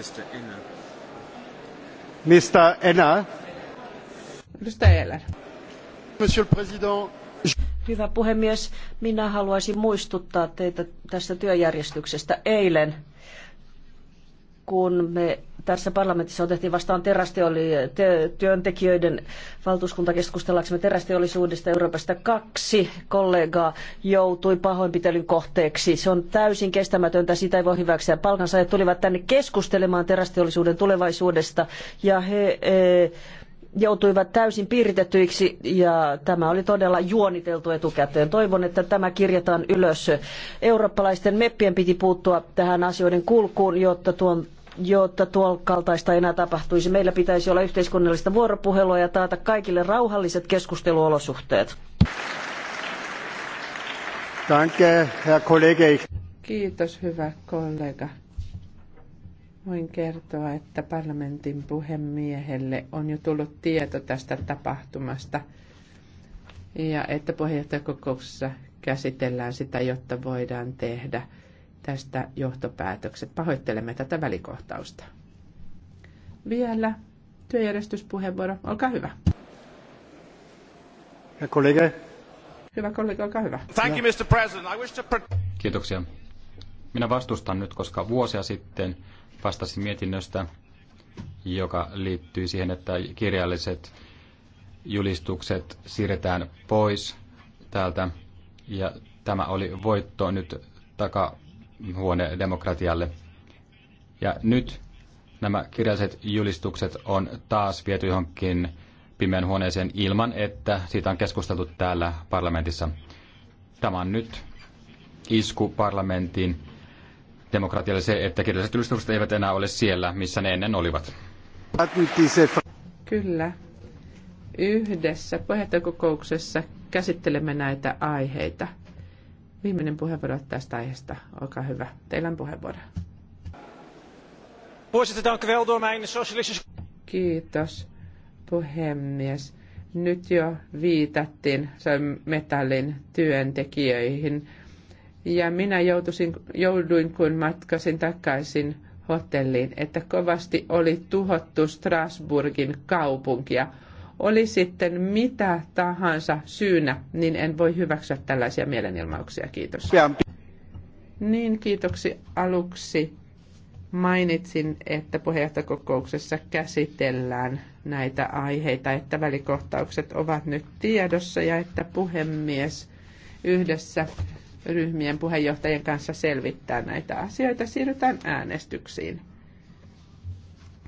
Mr. Enner. Mr. Enner. Mr. Monsieur le Président. Hyvä puhemies, minä haluaisin muistuttaa teitä tästä työjärjestyksestä eilen, kun me tässä parlamentissa otettiin vastaan terästeoli, te, työntekijöiden valtuuskunta keskustellaksemme terästeollisuudesta Euroopasta. Kaksi kollegaa joutui pahoinpitelyn kohteeksi. Se on täysin kestämätöntä, sitä ei voi hyväksyä. Palkansaajat tulivat tänne keskustelemaan terästeollisuuden tulevaisuudesta ja he... E, joutuivat täysin piiritettyiksi ja tämä oli todella juoniteltu etukäteen. Toivon, että tämä kirjataan ylös. Eurooppalaisten meppien piti puuttua tähän asioiden kulkuun, jotta tuon jotta tuon kaltaista enää tapahtuisi. Meillä pitäisi olla yhteiskunnallista vuoropuhelua ja taata kaikille rauhalliset keskusteluolosuhteet. Danke, Herr Kollege. Kiitos, hyvä kollega. Voin kertoa, että parlamentin puhemiehelle on jo tullut tieto tästä tapahtumasta ja että puheenjohtajakokouksessa käsitellään sitä, jotta voidaan tehdä tästä johtopäätökset. Pahoittelemme tätä välikohtausta. Vielä työjärjestyspuheenvuoro. Olkaa hyvä. Ja kollega. Hyvä kollega, olkaa hyvä. Thank you, Mr. President. I wish to... Kiitoksia. Minä vastustan nyt, koska vuosia sitten vastasin mietinnöstä, joka liittyy siihen, että kirjalliset julistukset siirretään pois täältä. Ja tämä oli voitto nyt takaa huone demokratialle. Ja nyt nämä kirjalliset julistukset on taas viety johonkin pimeän huoneeseen ilman, että siitä on keskusteltu täällä parlamentissa. Tämä on nyt isku parlamentin demokratialle se, että kirjalliset julistukset eivät enää ole siellä, missä ne ennen olivat. Kyllä. Yhdessä puheenjohtajakokouksessa käsittelemme näitä aiheita viimeinen puheenvuoro tästä aiheesta. Olkaa hyvä. Teillä on puheenvuoro. Kiitos, puhemies. Nyt jo viitattiin metallin työntekijöihin. Ja minä joutusin, jouduin, kun matkasin takaisin hotelliin, että kovasti oli tuhottu Strasburgin kaupunkia oli sitten mitä tahansa syynä, niin en voi hyväksyä tällaisia mielenilmauksia. Kiitos. Niin, kiitoksi aluksi. Mainitsin, että puheenjohtajakokouksessa käsitellään näitä aiheita, että välikohtaukset ovat nyt tiedossa ja että puhemies yhdessä ryhmien puheenjohtajien kanssa selvittää näitä asioita. Siirrytään äänestyksiin.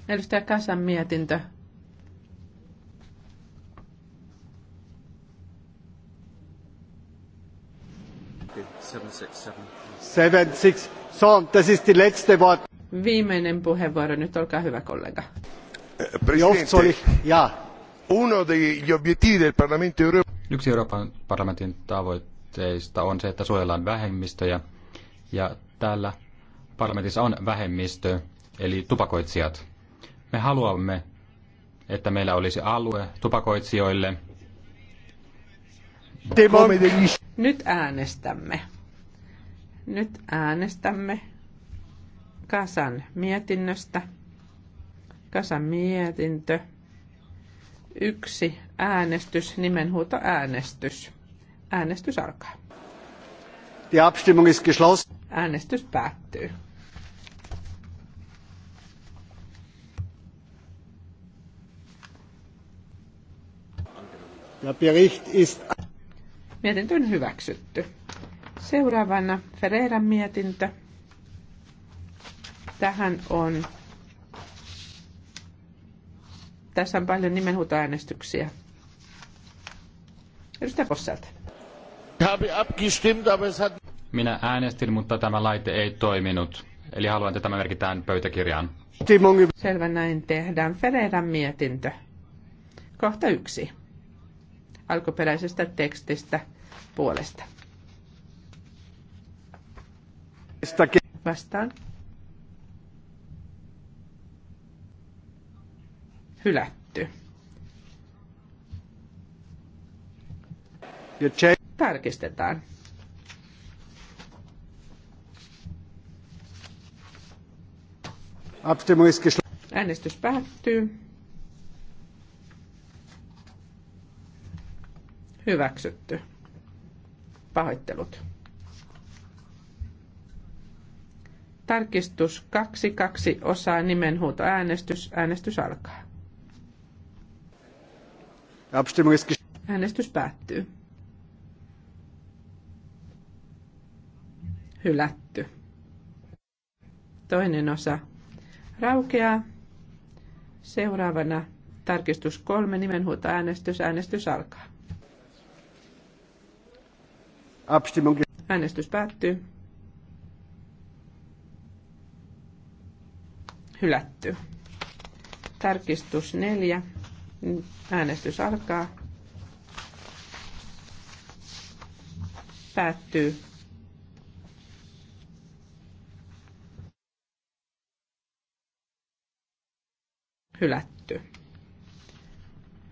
Edustaja Kasan mietintö das ist die letzte Wort. Viimeinen puheenvuoro nyt, olkaa hyvä kollega. Eh, presidente, Yksi Euroopan parlamentin tavoitteista on se, että suojellaan vähemmistöjä. Ja täällä parlamentissa on vähemmistö, eli tupakoitsijat. Me haluamme, että meillä olisi alue tupakoitsijoille. Nyt äänestämme. Nyt äänestämme Kasan mietinnöstä. Kasan mietintö. Yksi äänestys, nimenhuutoäänestys. Äänestys alkaa. Die Abstimmung ist geschlossen. Äänestys päättyy. Der Bericht ist... Mietintö on hyväksytty. Seuraavana Ferreiran mietintö. Tähän on, tässä on paljon nimenhuutoäänestyksiä. Edustaja Posselta. Minä äänestin, mutta tämä laite ei toiminut. Eli haluan, että tämä merkitään pöytäkirjaan. Selvä näin tehdään. Ferreiran mietintö. Kohta yksi. Alkuperäisestä tekstistä puolesta. Vastaan. Hylätty. Tarkistetaan. Äänestys päättyy. Hyväksytty. Pahoittelut. Tarkistus kaksi kaksi osaa nimenhuuto äänestys. Äänestys alkaa. Äänestys päättyy. Hylätty. Toinen osa raukeaa. Seuraavana tarkistus kolme nimenhuuto äänestys. Äänestys alkaa. Äänestys päättyy. hylätty. Tarkistus neljä. Äänestys alkaa. Päättyy. Hylätty.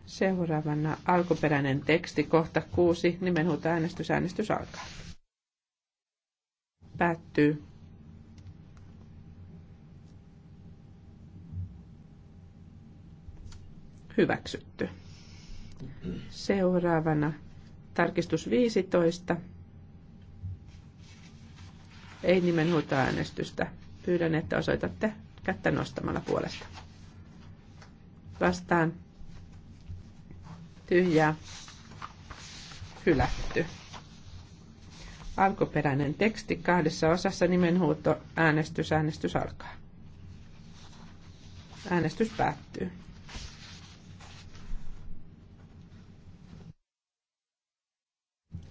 Seuraavana alkuperäinen teksti, kohta kuusi, nimenhuuta äänestys, äänestys alkaa. Päättyy. Hyväksytty. Seuraavana tarkistus 15. Ei nimenhuuta äänestystä. Pyydän, että osoitatte kättä nostamalla puolesta. Vastaan. Tyhjää. Hylätty. Alkuperäinen teksti kahdessa osassa nimenhuuto äänestys. Äänestys alkaa. Äänestys päättyy.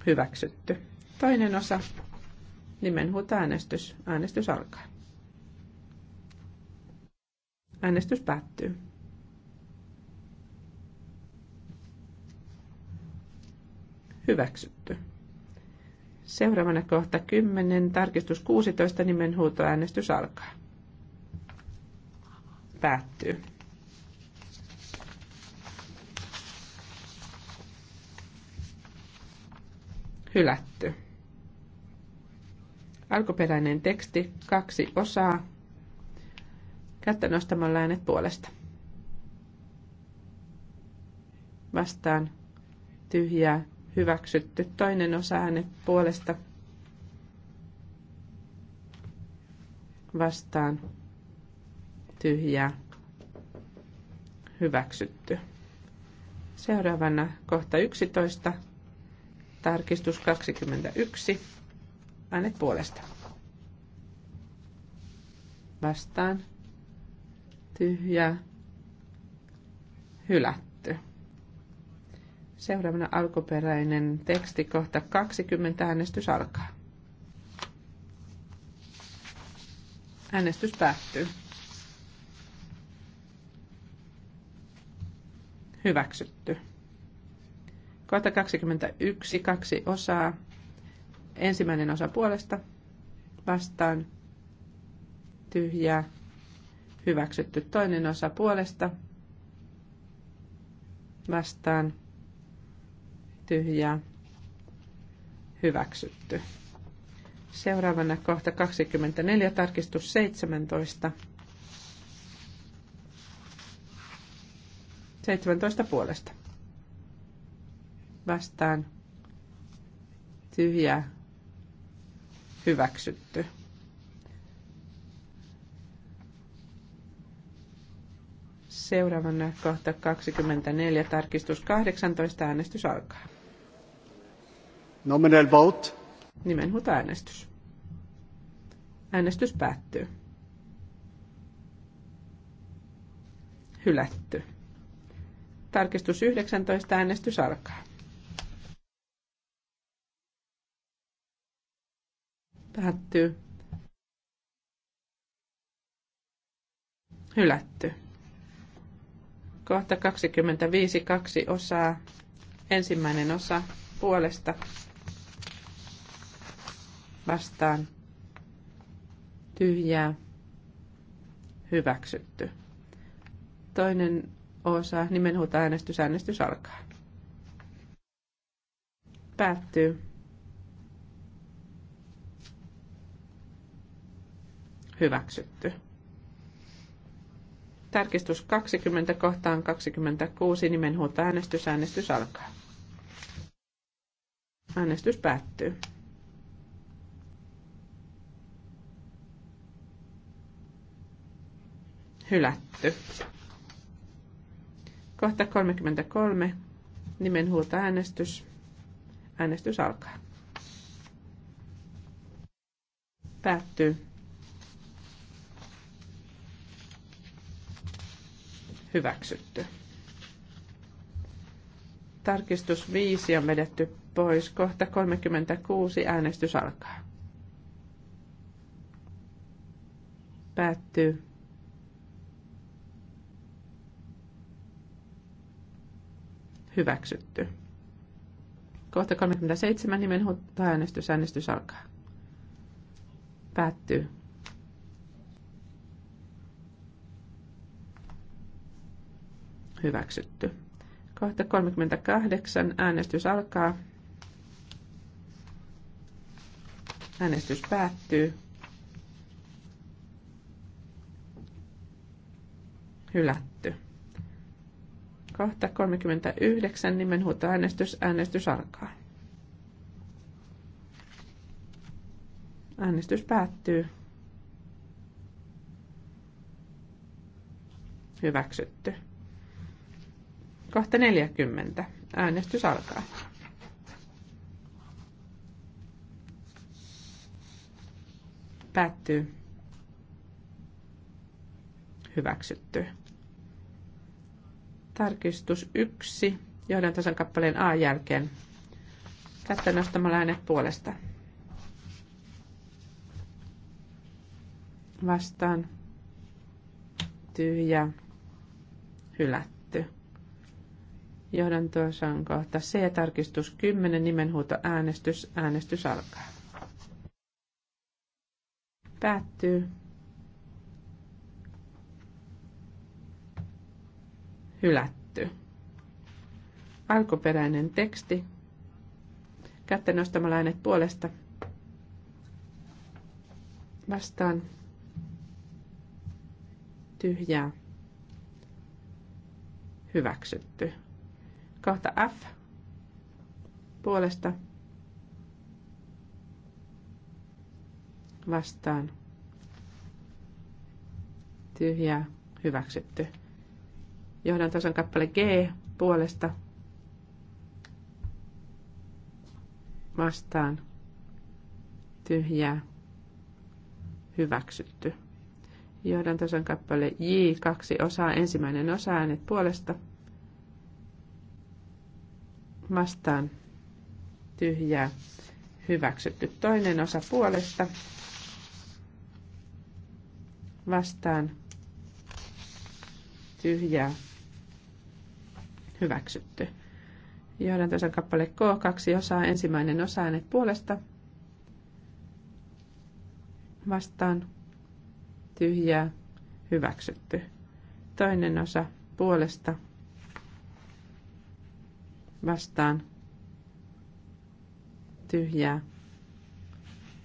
Hyväksytty. Toinen osa. Nimenhuuta äänestys. Äänestys alkaa. Äänestys päättyy. Hyväksytty. Seuraavana kohta 10, tarkistus 16, nimenhuutoäänestys alkaa. Päättyy. hylätty. Alkuperäinen teksti, kaksi osaa. Kättä nostamalla äänet puolesta. Vastaan tyhjää hyväksytty. Toinen osa äänet puolesta. Vastaan tyhjää hyväksytty. Seuraavana kohta 11 Tarkistus 21. Äänet puolesta. Vastaan. Tyhjä. Hylätty. Seuraavana alkuperäinen teksti kohta 20. Äänestys alkaa. Äänestys päättyy. Hyväksytty. Kohta 21, kaksi osaa. Ensimmäinen osa puolesta vastaan tyhjää. Hyväksytty toinen osa puolesta vastaan tyhjää. Hyväksytty. Seuraavana kohta 24, tarkistus 17. 17 puolesta vastaan tyhjä hyväksytty. Seuraavana kohta 24, tarkistus 18, äänestys alkaa. Nominal vote. Nimenhuuta äänestys. Äänestys päättyy. Hylätty. Tarkistus 19, äänestys alkaa. Päättyy. Hylätty. Kohta 25, kaksi osaa. Ensimmäinen osa puolesta vastaan tyhjää hyväksytty. Toinen osa nimenhuuta äänestys, äänestys alkaa. Päättyy. hyväksytty. Tarkistus 20 kohtaan 26 nimenhuolta äänestys. Äänestys alkaa. Äänestys päättyy. Hylätty. Kohta 33. Nimenhuolta äänestys. Äänestys alkaa. Päättyy. Hyväksytty. Tarkistus 5 on vedetty pois. Kohta 36 äänestys alkaa. Päättyy. Hyväksytty. Kohta 37 nimen äänestys. Äänestys alkaa. Päättyy. Hyväksytty. Kohta 38. Äänestys alkaa. Äänestys päättyy. Hylätty. Kohta 39. Nimenhuutoäänestys. Äänestys alkaa. Äänestys päättyy. Hyväksytty. Kohta 40. Äänestys alkaa. Päättyy. Hyväksytty. Tarkistus 1. Johdan tasan kappaleen A jälkeen. Kättä nostamalla äänet puolesta. Vastaan. Tyhjä. Hylätty saan kohta C, tarkistus 10, nimenhuuto äänestys, äänestys alkaa. Päättyy. Hylätty. Alkuperäinen teksti. Kättä nostamalla äänet puolesta. Vastaan. Tyhjää. Hyväksytty kahta F puolesta vastaan. Tyhjää hyväksytty. Johdan tason kappale G puolesta vastaan. Tyhjää hyväksytty. Johdan tason kappale J, kaksi osaa, ensimmäinen osa äänet puolesta – vastaan tyhjää hyväksytty. Toinen osa puolesta vastaan tyhjää hyväksytty. Johdantosan kappale K, kaksi osaa, ensimmäinen osa äänet puolesta vastaan tyhjää hyväksytty. Toinen osa puolesta vastaan tyhjää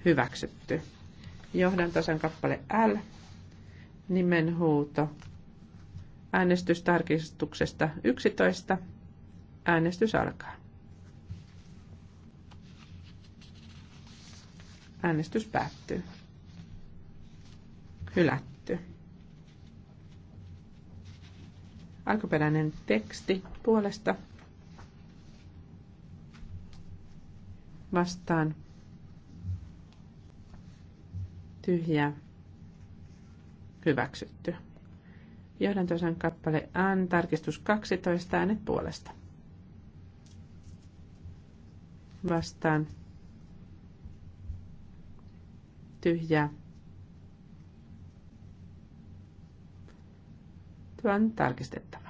hyväksytty. johdan tasan kappale L, nimenhuuto äänestystarkistuksesta 11. Äänestys alkaa. Äänestys päättyy. Hylätty. Alkuperäinen teksti puolesta vastaan tyhjä hyväksytty. Johdantosan kappale N, tarkistus 12, äänet puolesta. Vastaan tyhjä Tuo on tarkistettava.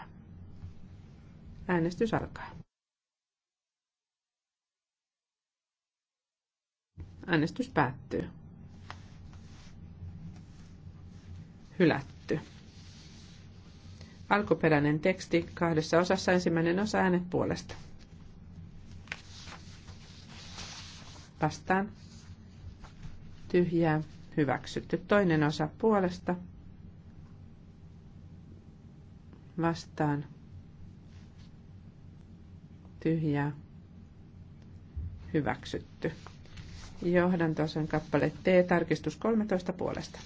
Äänestys alkaa. Äänestys päättyy. Hylätty. Alkuperäinen teksti kahdessa osassa ensimmäinen osa äänet puolesta. Vastaan. Tyhjää. Hyväksytty. Toinen osa puolesta. Vastaan. Tyhjää. Hyväksytty. Johdantosan kappale T, tarkistus 13 puolesta.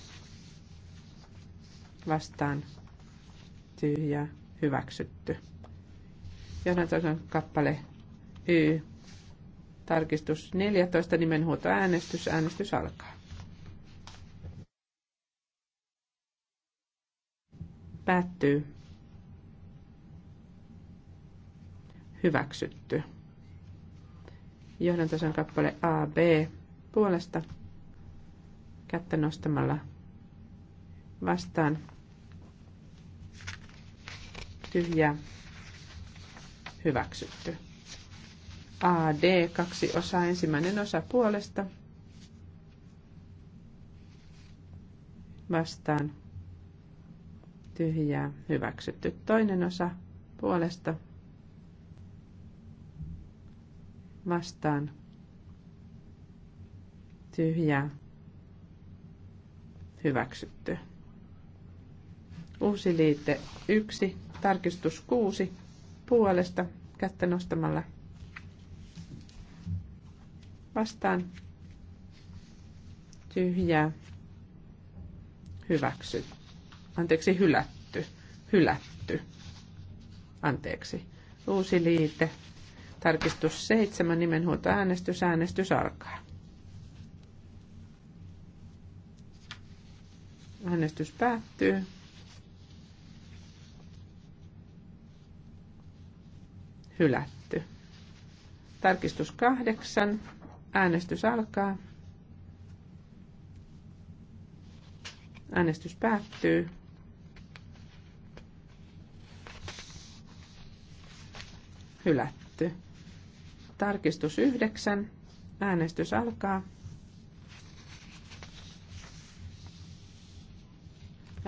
Vastaan tyhjä, hyväksytty. Johdantosan kappale Y, tarkistus 14, äänestys. äänestys alkaa. Päättyy. Hyväksytty johdantason kappale AB, puolesta kättä nostamalla vastaan tyhjää hyväksytty. AD kaksi osaa ensimmäinen osa puolesta vastaan tyhjää hyväksytty. Toinen osa puolesta vastaan tyhjää, hyväksytty. Uusi liite 1, tarkistus 6, puolesta, kättä nostamalla vastaan, tyhjää, hyväksy, Anteeksi, hylätty, hylätty, anteeksi. Uusi liite, tarkistus 7, äänestys, äänestys alkaa. Äänestys päättyy. Hylätty. Tarkistus kahdeksan. Äänestys alkaa. Äänestys päättyy. Hylätty. Tarkistus yhdeksän. Äänestys alkaa.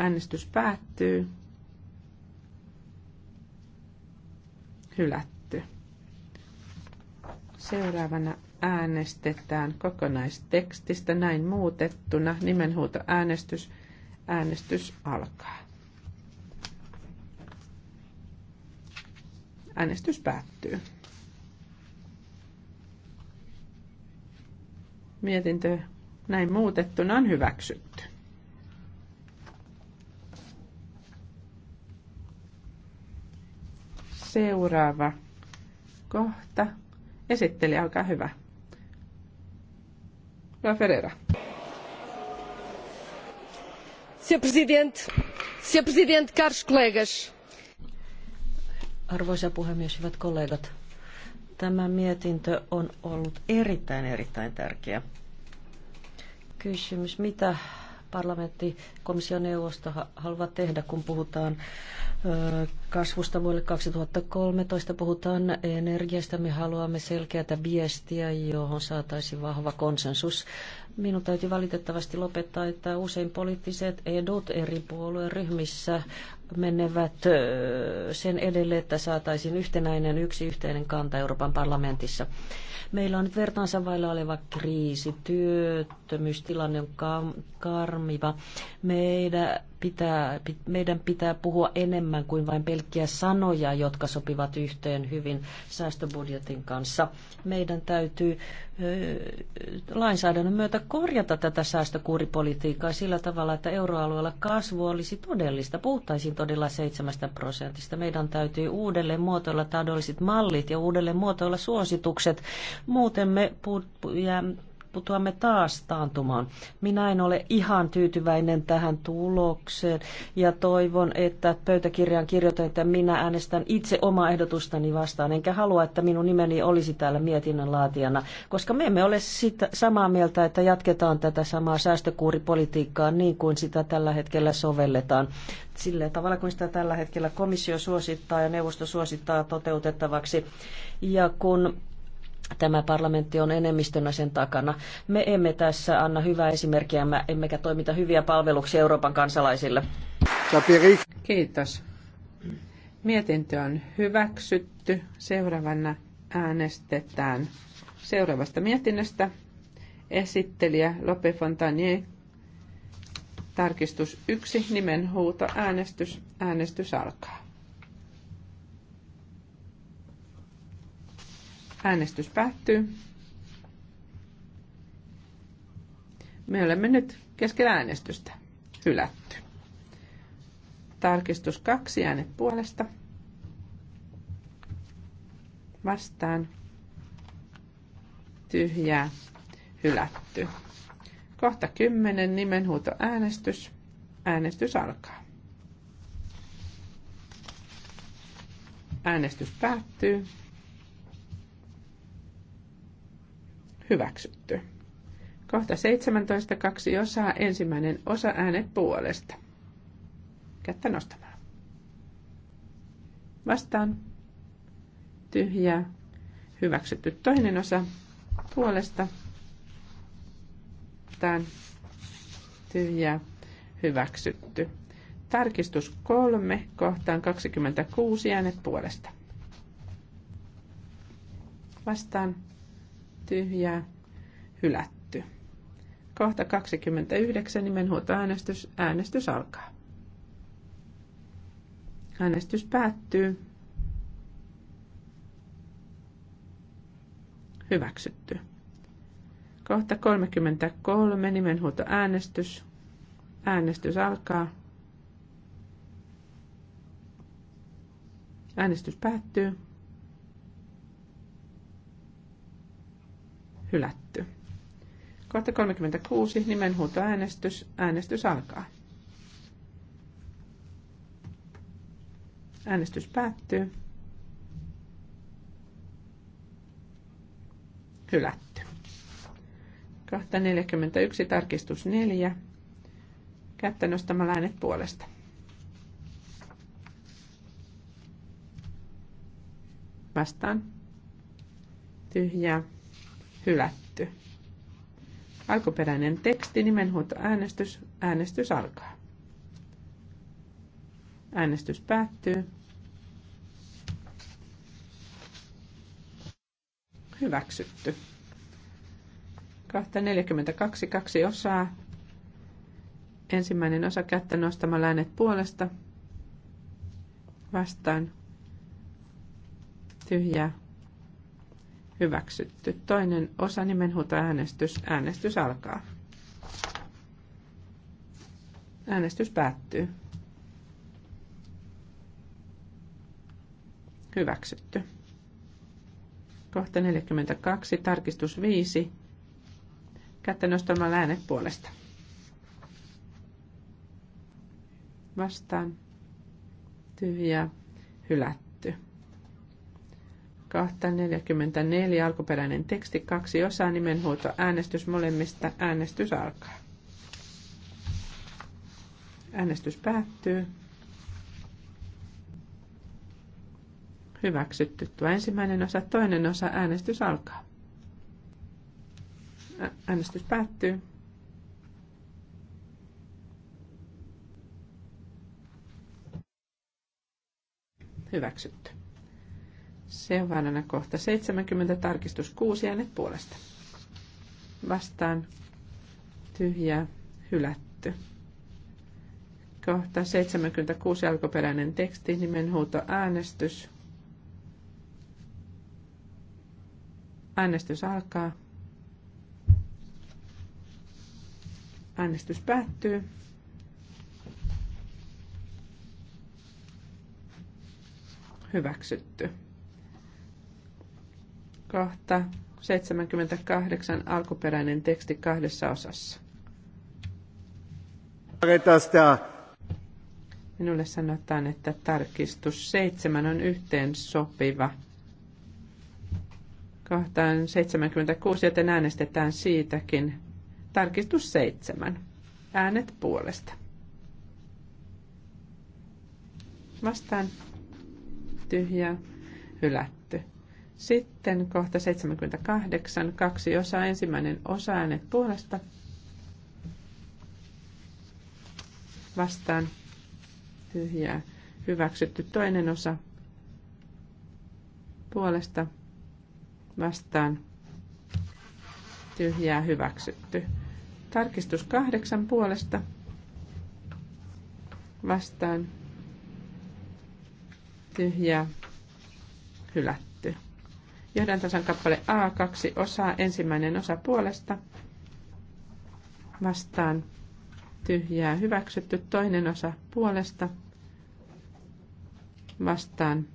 Äänestys päättyy. Hylätty. Seuraavana äänestetään kokonaistekstistä näin muutettuna. Nimenhuuto äänestys. Äänestys alkaa. Äänestys päättyy. Mietintö näin muutettuna on hyväksytty. Seuraava kohta. Esitteli, olkaa hyvä. La Ferreira. Senhor Presidente, Senhor Presidente, caros colegas. Arvoisa puhemies, hyvät kollegat. Tämä mietintö on ollut erittäin, erittäin tärkeä. Kysymys, mitä parlamentti, komission neuvosto haluaa tehdä, kun puhutaan kasvusta vuodelle 2013. Puhutaan energiasta. Me haluamme selkeätä viestiä, johon saataisiin vahva konsensus. Minun täytyy valitettavasti lopettaa, että usein poliittiset edut eri puolueryhmissä menevät sen edelle, että saataisiin yhtenäinen, yksi yhteinen kanta Euroopan parlamentissa. Meillä on nyt vertaansa vailla oleva kriisi, työttömyystilanne on karmiva. Meidän pitää, meidän pitää puhua enemmän kuin vain pelkkiä sanoja, jotka sopivat yhteen hyvin säästöbudjetin kanssa. Meidän täytyy lainsäädännön myötä korjata tätä säästökuuripolitiikkaa sillä tavalla, että euroalueella kasvu olisi todellista. Puhuttaisiin todella 7 prosentista. Meidän täytyy uudelleen muotoilla taloudelliset mallit ja uudelleen muotoilla suositukset. Muuten me putoamme taas taantumaan. Minä en ole ihan tyytyväinen tähän tulokseen ja toivon, että pöytäkirjaan kirjoitan, että minä äänestän itse omaa ehdotustani vastaan, enkä halua, että minun nimeni olisi täällä mietinnön laatijana, koska me emme ole sitä samaa mieltä, että jatketaan tätä samaa säästökuuripolitiikkaa niin kuin sitä tällä hetkellä sovelletaan. Sillä tavalla kuin sitä tällä hetkellä komissio suosittaa ja neuvosto suosittaa toteutettavaksi. Ja kun Tämä parlamentti on enemmistönä sen takana. Me emme tässä anna hyvää esimerkkiä, emmekä toimita hyviä palveluksia Euroopan kansalaisille. Kiitos. Mietintö on hyväksytty. Seuraavana äänestetään seuraavasta mietinnöstä. Esittelijä Lope Fontanier. Tarkistus 1, nimenhuuto, äänestys. Äänestys alkaa. Äänestys päättyy. Me olemme nyt keskellä äänestystä. Hylätty. Tarkistus kaksi äänet puolesta. Vastaan. Tyhjää. Hylätty. Kohta kymmenen nimenhuuto äänestys. Äänestys alkaa. Äänestys päättyy. Hyväksytty. Kohta 17.2 osaa, ensimmäinen osa äänet puolesta. Kättä nostamaan. Vastaan. Tyhjää. Hyväksytty toinen osa puolesta. Vastaan. Tyhjää. Hyväksytty. Tarkistus kolme kohtaan 26 äänet puolesta. Vastaan tyhjää, hylätty. Kohta 29 nimenhuutoäänestys. Äänestys äänestys alkaa. Äänestys päättyy. Hyväksytty. Kohta 33 äänestys Äänestys alkaa. Äänestys päättyy. hylätty. Kohta 36, nimenhuutoäänestys. Äänestys alkaa. Äänestys päättyy. Hylätty. Kohta 41, tarkistus 4. Kättä nostamalla äänet puolesta. Vastaan. Tyhjää Hylätty. Alkuperäinen teksti, nimenhuuto äänestys. Äänestys alkaa. Äänestys päättyy. Hyväksytty. 242 kaksi osaa. Ensimmäinen osa kättä nostamalla äänet puolesta. Vastaan. Tyhjää Hyväksytty. Toinen osa nimenhuuta äänestys. Äänestys alkaa. Äänestys päättyy. Hyväksytty. Kohta 42, tarkistus 5. Kättä nostamalla äänet puolesta. Vastaan. Tyhjä. Hylätty. 244 alkuperäinen teksti, kaksi osaa, nimenhuuto, äänestys molemmista, äänestys alkaa. Äänestys päättyy. Hyväksytty tuo ensimmäinen osa, toinen osa, äänestys alkaa. Äänestys päättyy. Hyväksytty. Seuraavana kohta 70, tarkistus 6, äänet puolesta. Vastaan tyhjä hylätty. Kohta 76, alkuperäinen teksti, nimenhuuto äänestys. Äänestys alkaa. Äänestys päättyy. Hyväksytty kohta 78 alkuperäinen teksti kahdessa osassa. Minulle sanotaan, että tarkistus 7 on yhteen sopiva kohtaan 76, joten äänestetään siitäkin. Tarkistus 7. Äänet puolesta. Vastaan tyhjä hylätty. Sitten kohta 78, kaksi osaa, ensimmäinen osa äänet puolesta. Vastaan tyhjää. Hyväksytty toinen osa puolesta. Vastaan tyhjää hyväksytty. Tarkistus kahdeksan puolesta vastaan tyhjää hylätty tasan kappale A, kaksi osaa, ensimmäinen osa puolesta. Vastaan tyhjää hyväksytty, toinen osa puolesta. Vastaan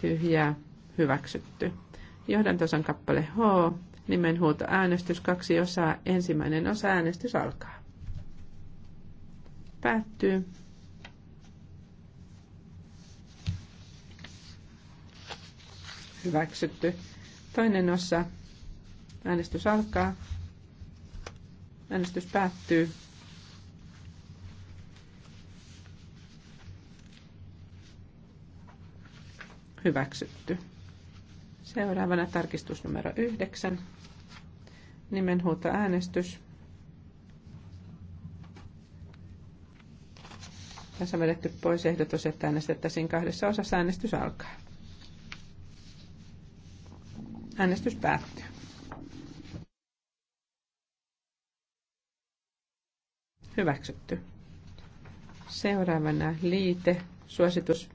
tyhjää hyväksytty. tasan kappale H, nimenhuuto äänestys, kaksi osaa, ensimmäinen osa äänestys alkaa. Päättyy. hyväksytty. Toinen osa. Äänestys alkaa. Äänestys päättyy. Hyväksytty. Seuraavana tarkistus numero 9. Nimenhuuto äänestys. Tässä vedetty pois ehdotus, että äänestettäisiin kahdessa osassa. Äänestys alkaa. Äänestys päättyy. Hyväksytty. Seuraavana liite, suositus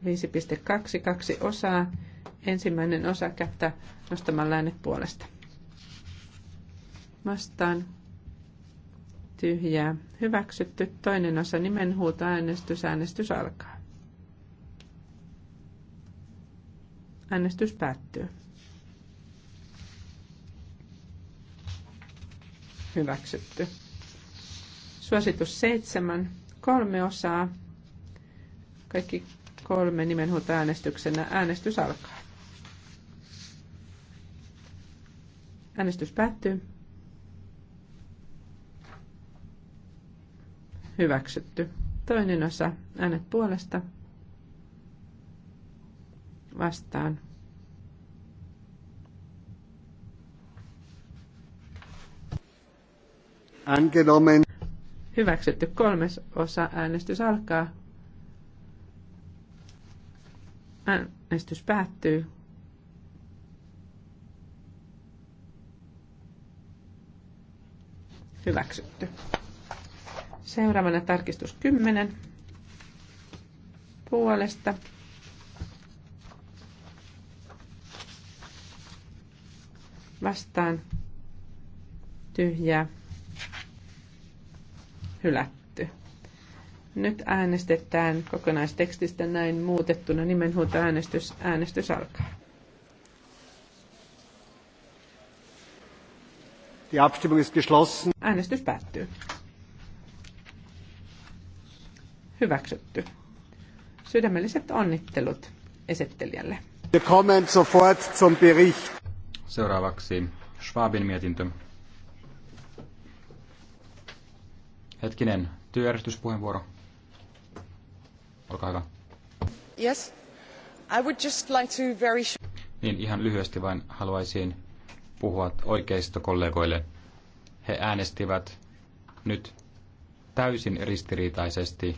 5.2.2 osaa. Ensimmäinen osa kättä nostamalla äänet puolesta. Vastaan tyhjää. Hyväksytty. Toinen osa nimenhuuto äänestys. Äänestys alkaa. Äänestys päättyy. hyväksytty. Suositus seitsemän, kolme osaa. Kaikki kolme nimenhuuta äänestyksenä. Äänestys alkaa. Äänestys päättyy. Hyväksytty. Toinen osa. Äänet puolesta. Vastaan. Angenommen. Hyväksytty kolmes osa. Äänestys alkaa. Äänestys päättyy. Hyväksytty. Seuraavana tarkistus 10 puolesta. Vastaan tyhjää hylätty. Nyt äänestetään kokonaistekstistä näin muutettuna nimenhuutoäänestys. Äänestys alkaa. Die Abstimmung ist geschlossen. Äänestys päättyy. Hyväksytty. Sydämelliset onnittelut esittelijälle. Wir kommen sofort zum Bericht. Seuraavaksi Schwabin mietintö. Hetkinen, työjärjestyspuheenvuoro. Olkaa hyvä. Yes. I would just like to very... Niin, ihan lyhyesti vain haluaisin puhua oikeista kollegoille. He äänestivät nyt täysin ristiriitaisesti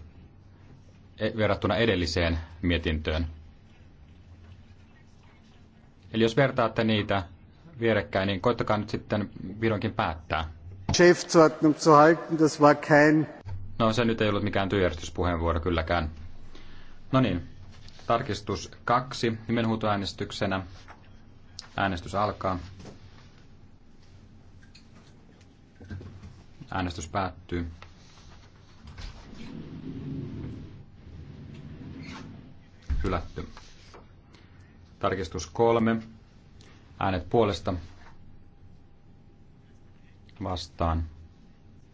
e, verrattuna edelliseen mietintöön. Eli jos vertaatte niitä vierekkäin, niin koittakaa nyt sitten vihdoinkin päättää. Geschäftsordnung zu halten. Das war kein... No se nyt ei ollut mikään työjärjestyspuheenvuoro kylläkään. No niin, tarkistus kaksi nimenhuutoäänestyksenä. Äänestys alkaa. Äänestys päättyy. Hylätty. Tarkistus kolme. Äänet puolesta vastaan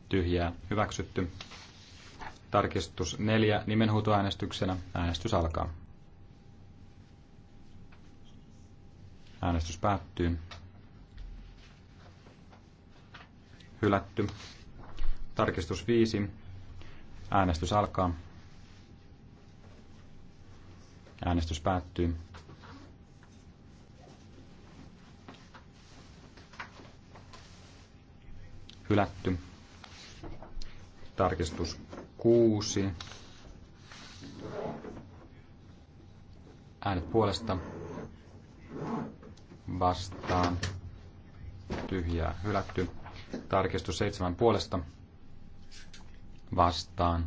tyhjää hyväksytty. Tarkistus neljä nimenhuutoäänestyksenä. Äänestys alkaa. Äänestys päättyy. Hylätty. Tarkistus 5. Äänestys alkaa. Äänestys päättyy. hylätty. Tarkistus 6. Äänet puolesta vastaan tyhjää hylätty. Tarkistus 7 puolesta vastaan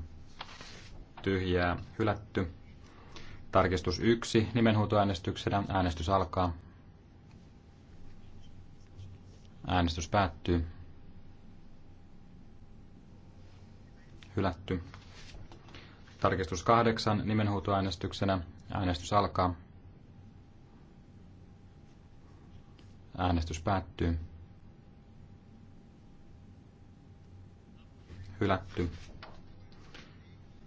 tyhjää hylätty. Tarkistus 1 nimenhuutoäänestyksenä. Äänestys alkaa. Äänestys päättyy. hylätty. Tarkistus kahdeksan nimenhuutoäänestyksenä. Äänestys alkaa. Äänestys päättyy. Hylätty.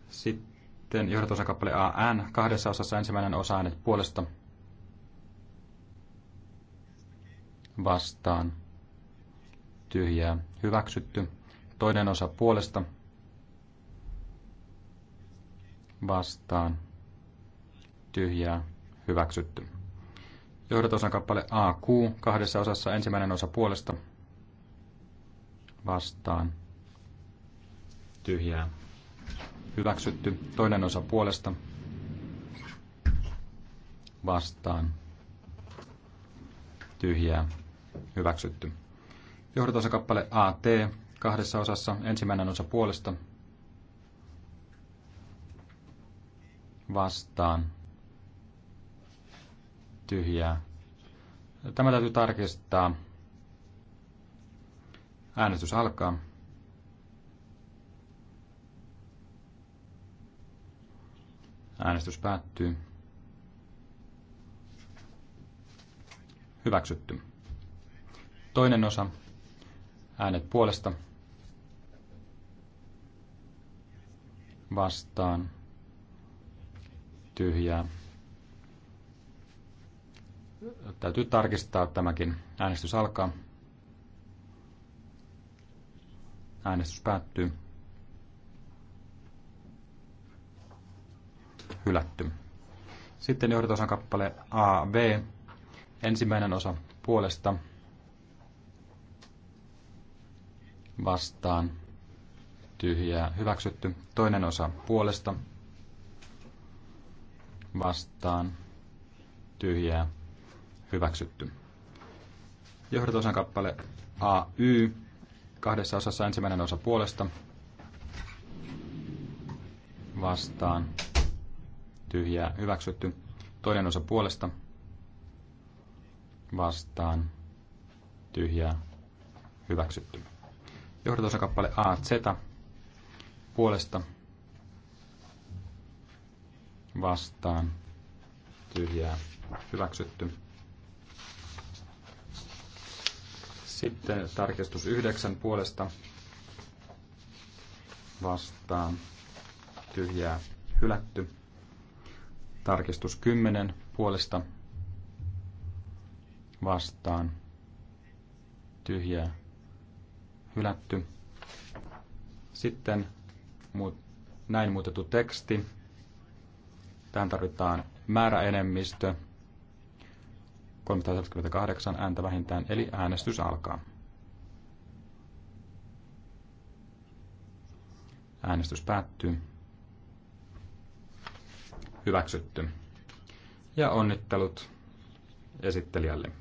Sitten johdatusosakappale AN kahdessa osassa ensimmäinen osa äänet puolesta vastaan tyhjää hyväksytty. Toinen osa puolesta vastaan tyhjää hyväksytty. Johdatosan kappale AQ kahdessa osassa ensimmäinen osa puolesta vastaan tyhjää hyväksytty. Toinen osa puolesta vastaan tyhjää hyväksytty. Johdatosan kappale AT kahdessa osassa ensimmäinen osa puolesta vastaan vastaan tyhjää. Tämä täytyy tarkistaa. Äänestys alkaa. Äänestys päättyy. Hyväksytty. Toinen osa. Äänet puolesta. Vastaan tyhjää. Täytyy tarkistaa tämäkin. Äänestys alkaa. Äänestys päättyy. Hylätty. Sitten johdatosan kappale A, B. Ensimmäinen osa puolesta vastaan tyhjää hyväksytty. Toinen osa puolesta vastaan tyhjää hyväksytty. Johdotosan kappale AY kahdessa osassa ensimmäinen osa puolesta vastaan tyhjää hyväksytty. Toinen osa puolesta vastaan tyhjää hyväksytty. kappale AZ puolesta vastaan tyhjää hyväksytty. Sitten tarkistus yhdeksän puolesta vastaan tyhjää hylätty. Tarkistus kymmenen puolesta vastaan tyhjää hylätty. Sitten näin muutettu teksti Tähän tarvitaan määräenemmistö, 378 ääntä vähintään, eli äänestys alkaa. Äänestys päättyy. Hyväksytty. Ja onnittelut esittelijälle.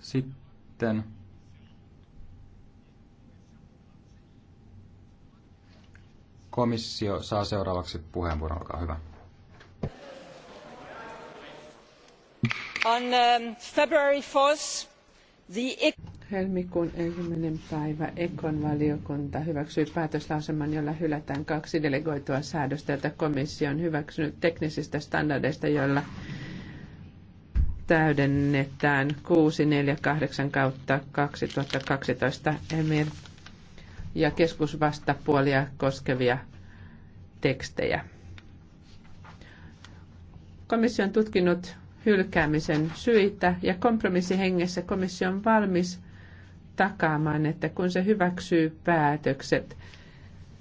Sitten Komissio saa seuraavaksi puheenvuoron, olkaa hyvä. On um, February 4th, the... E- Helmikuun ensimmäinen päivä Ekon valiokunta hyväksyi päätöslauselman, jolla hylätään kaksi delegoitua säädöstä, jota komissio on hyväksynyt teknisistä standardeista, joilla täydennetään 648 kautta 2012 emir ja keskusvastapuolia koskevia tekstejä. Komissio on tutkinut hylkäämisen syitä ja kompromissihengessä komissio on valmis takaamaan, että kun se hyväksyy päätökset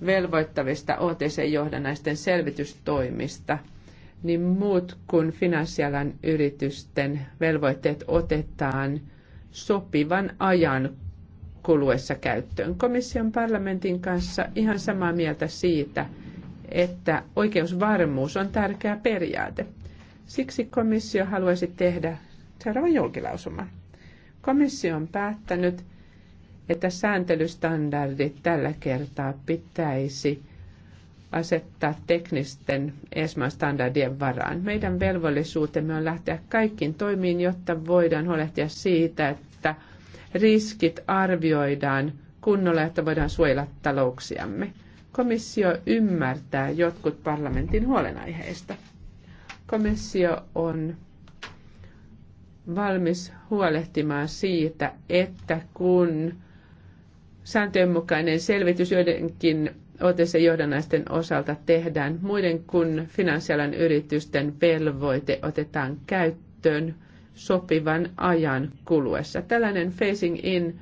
velvoittavista OTC-johdannaisten selvitystoimista, niin muut kuin finanssialan yritysten velvoitteet otetaan sopivan ajan kuluessa käyttöön. Komission parlamentin kanssa ihan samaa mieltä siitä, että oikeusvarmuus on tärkeä periaate. Siksi komissio haluaisi tehdä seuraavan julkilausuman. Komissio on päättänyt, että sääntelystandardit tällä kertaa pitäisi asettaa teknisten ESMA-standardien varaan. Meidän velvollisuutemme on lähteä kaikkiin toimiin, jotta voidaan huolehtia siitä, että riskit arvioidaan kunnolla, että voidaan suojella talouksiamme. Komissio ymmärtää jotkut parlamentin huolenaiheista. Komissio on valmis huolehtimaan siitä, että kun sääntöjen mukainen selvitys joidenkin OTC-johdannaisten osalta tehdään, muiden kuin finanssialan yritysten velvoite otetaan käyttöön, sopivan ajan kuluessa. Tällainen phasing in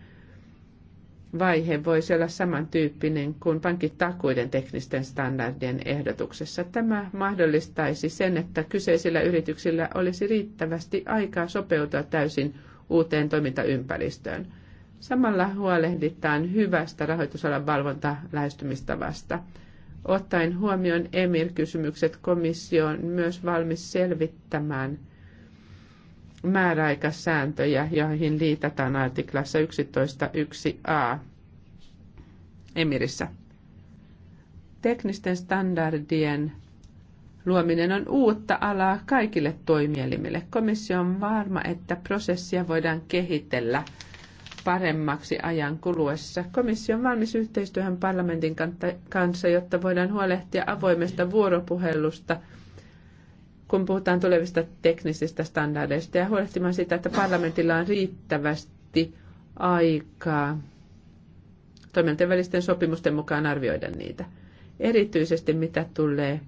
vaihe voisi olla samantyyppinen kuin pankkitakuiden teknisten standardien ehdotuksessa. Tämä mahdollistaisi sen, että kyseisillä yrityksillä olisi riittävästi aikaa sopeutua täysin uuteen toimintaympäristöön. Samalla huolehditaan hyvästä rahoitusalan valvonta lähestymistavasta. Ottaen huomioon EMIR-kysymykset komissio on myös valmis selvittämään – määräaikasääntöjä, joihin liitetään artiklassa 11.1a Emirissä. Teknisten standardien luominen on uutta alaa kaikille toimielimille. Komissio on varma, että prosessia voidaan kehitellä paremmaksi ajan kuluessa. Komissio on valmis yhteistyöhön parlamentin kanssa, jotta voidaan huolehtia avoimesta vuoropuhelusta – kun puhutaan tulevista teknisistä standardeista ja huolehtimaan siitä, että parlamentilla on riittävästi aikaa toimijoiden välisten sopimusten mukaan arvioida niitä. Erityisesti mitä tulee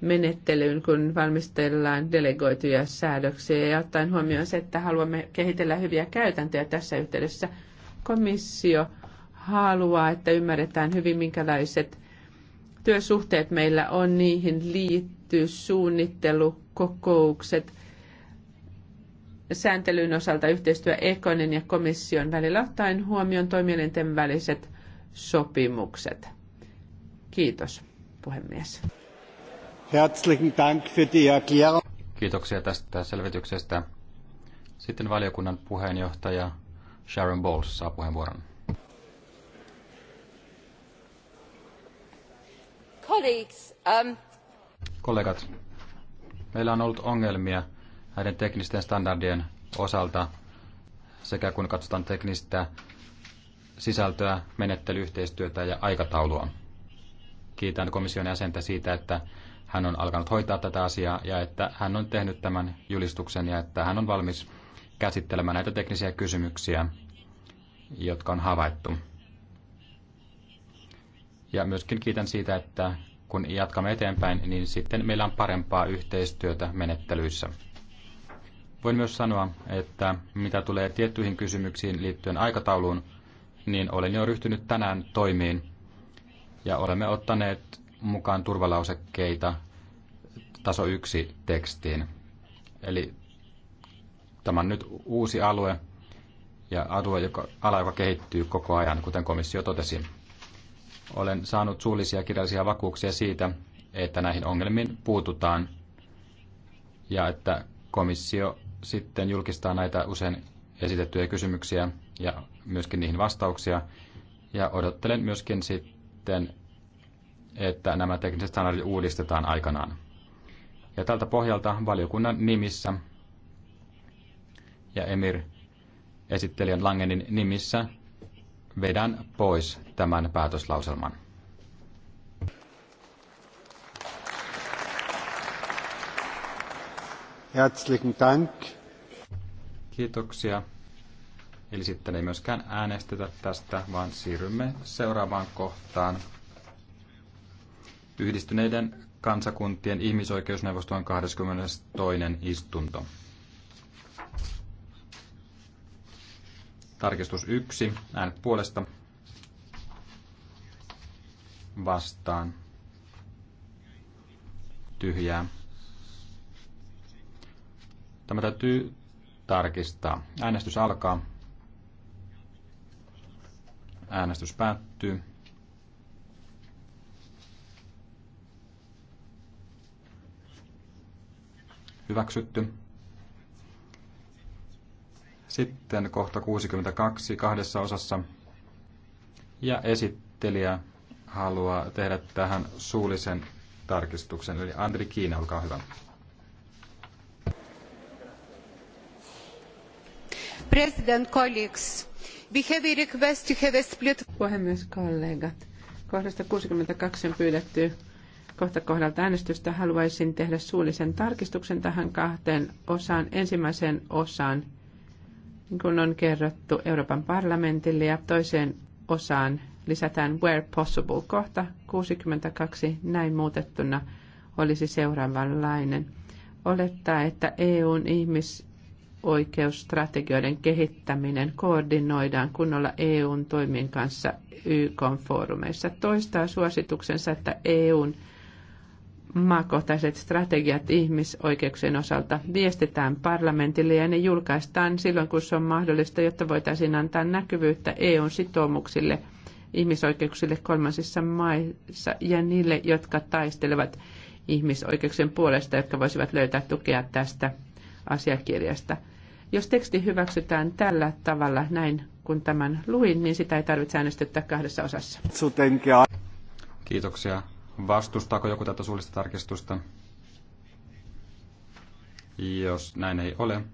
menettelyyn, kun valmistellaan delegoituja säädöksiä ja ottaen huomioon se, että haluamme kehitellä hyviä käytäntöjä tässä yhteydessä. Komissio haluaa, että ymmärretään hyvin, minkälaiset työsuhteet meillä on niihin liittyen kokoukset sääntelyn osalta yhteistyö Ekonen ja komission välillä ottaen huomioon toimielinten väliset sopimukset. Kiitos, puhemies. Herzlichen Dank für die Erklärung. Kiitoksia tästä selvityksestä. Sitten valiokunnan puheenjohtaja Sharon Bowles saa puheenvuoron. Colleagues, um, Kollegat, meillä on ollut ongelmia näiden teknisten standardien osalta sekä kun katsotaan teknistä sisältöä, menettelyyhteistyötä ja aikataulua. Kiitän komission jäsentä siitä, että hän on alkanut hoitaa tätä asiaa ja että hän on tehnyt tämän julistuksen ja että hän on valmis käsittelemään näitä teknisiä kysymyksiä, jotka on havaittu. Ja myöskin kiitän siitä, että kun jatkamme eteenpäin, niin sitten meillä on parempaa yhteistyötä menettelyissä. Voin myös sanoa, että mitä tulee tiettyihin kysymyksiin liittyen aikatauluun, niin olen jo ryhtynyt tänään toimiin ja olemme ottaneet mukaan turvalausekkeita taso 1 tekstiin. Eli tämä on nyt uusi alue ja alue, joka, ala, joka kehittyy koko ajan, kuten komissio totesi. Olen saanut suullisia kirjallisia vakuuksia siitä, että näihin ongelmiin puututaan ja että komissio sitten julkistaa näitä usein esitettyjä kysymyksiä ja myöskin niihin vastauksia. Ja odottelen myöskin sitten, että nämä tekniset standardit uudistetaan aikanaan. Ja tältä pohjalta valiokunnan nimissä ja Emir esittelijän Langenin nimissä vedän pois tämän päätöslauselman. Herzlichen Dank. Kiitoksia. Eli sitten ei myöskään äänestetä tästä, vaan siirrymme seuraavaan kohtaan. Yhdistyneiden kansakuntien ihmisoikeusneuvoston 22. istunto. Tarkistus 1. Äänet puolesta. Vastaan. Tyhjää. Tämä täytyy tarkistaa. Äänestys alkaa. Äänestys päättyy. Hyväksytty. Sitten kohta 62 kahdessa osassa. Ja esittelijä haluaa tehdä tähän suullisen tarkistuksen. Eli Andri Kiina, olkaa hyvä. President colleagues, we have a request to have a split... Puhemies kollegat, kohdasta 62 on pyydetty kohta kohdalta äänestystä. Haluaisin tehdä suullisen tarkistuksen tähän kahteen osaan. Ensimmäiseen osaan kun on kerrottu Euroopan parlamentille ja toiseen osaan lisätään where possible. Kohta 62 näin muutettuna olisi seuraavanlainen. Olettaa, että EUn ihmisoikeusstrategioiden kehittäminen koordinoidaan kunnolla EUn toimien kanssa YK-foorumeissa. Toistaa suosituksensa, että EUn maakohtaiset strategiat ihmisoikeuksien osalta viestitään parlamentille ja ne julkaistaan silloin, kun se on mahdollista, jotta voitaisiin antaa näkyvyyttä EUn sitoumuksille ihmisoikeuksille kolmansissa maissa ja niille, jotka taistelevat ihmisoikeuksien puolesta, jotka voisivat löytää tukea tästä asiakirjasta. Jos teksti hyväksytään tällä tavalla, näin kun tämän luin, niin sitä ei tarvitse äänestyttää kahdessa osassa. Kiitoksia. Vastustaako joku tätä suullista tarkistusta? Jos näin ei ole,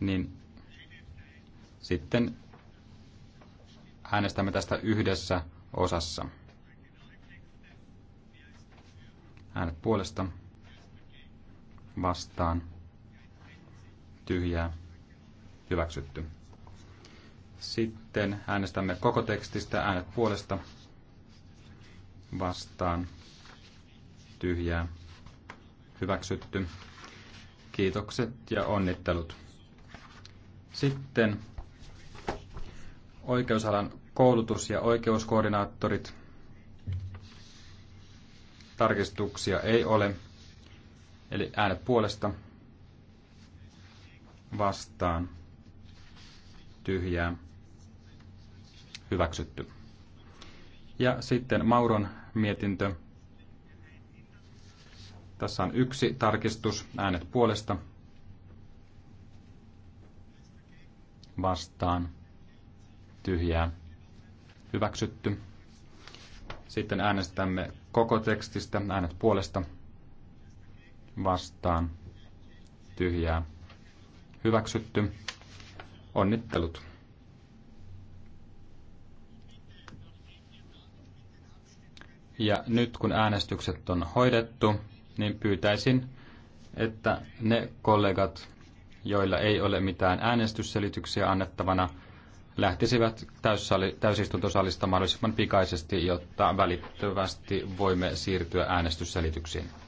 niin sitten äänestämme tästä yhdessä osassa. Äänet puolesta vastaan tyhjää hyväksytty. Sitten äänestämme koko tekstistä äänet puolesta vastaan tyhjää hyväksytty. Kiitokset ja onnittelut. Sitten oikeusalan koulutus- ja oikeuskoordinaattorit. Tarkistuksia ei ole. Eli äänet puolesta vastaan tyhjää hyväksytty. Ja sitten Mauron mietintö. Tässä on yksi tarkistus, äänet puolesta. Vastaan. Tyhjää. Hyväksytty. Sitten äänestämme koko tekstistä, äänet puolesta. Vastaan. Tyhjää. Hyväksytty. Onnittelut. Ja nyt kun äänestykset on hoidettu, niin pyytäisin, että ne kollegat, joilla ei ole mitään äänestysselityksiä annettavana, lähtisivät täysistuntosalista mahdollisimman pikaisesti, jotta välittömästi voimme siirtyä äänestysselityksiin.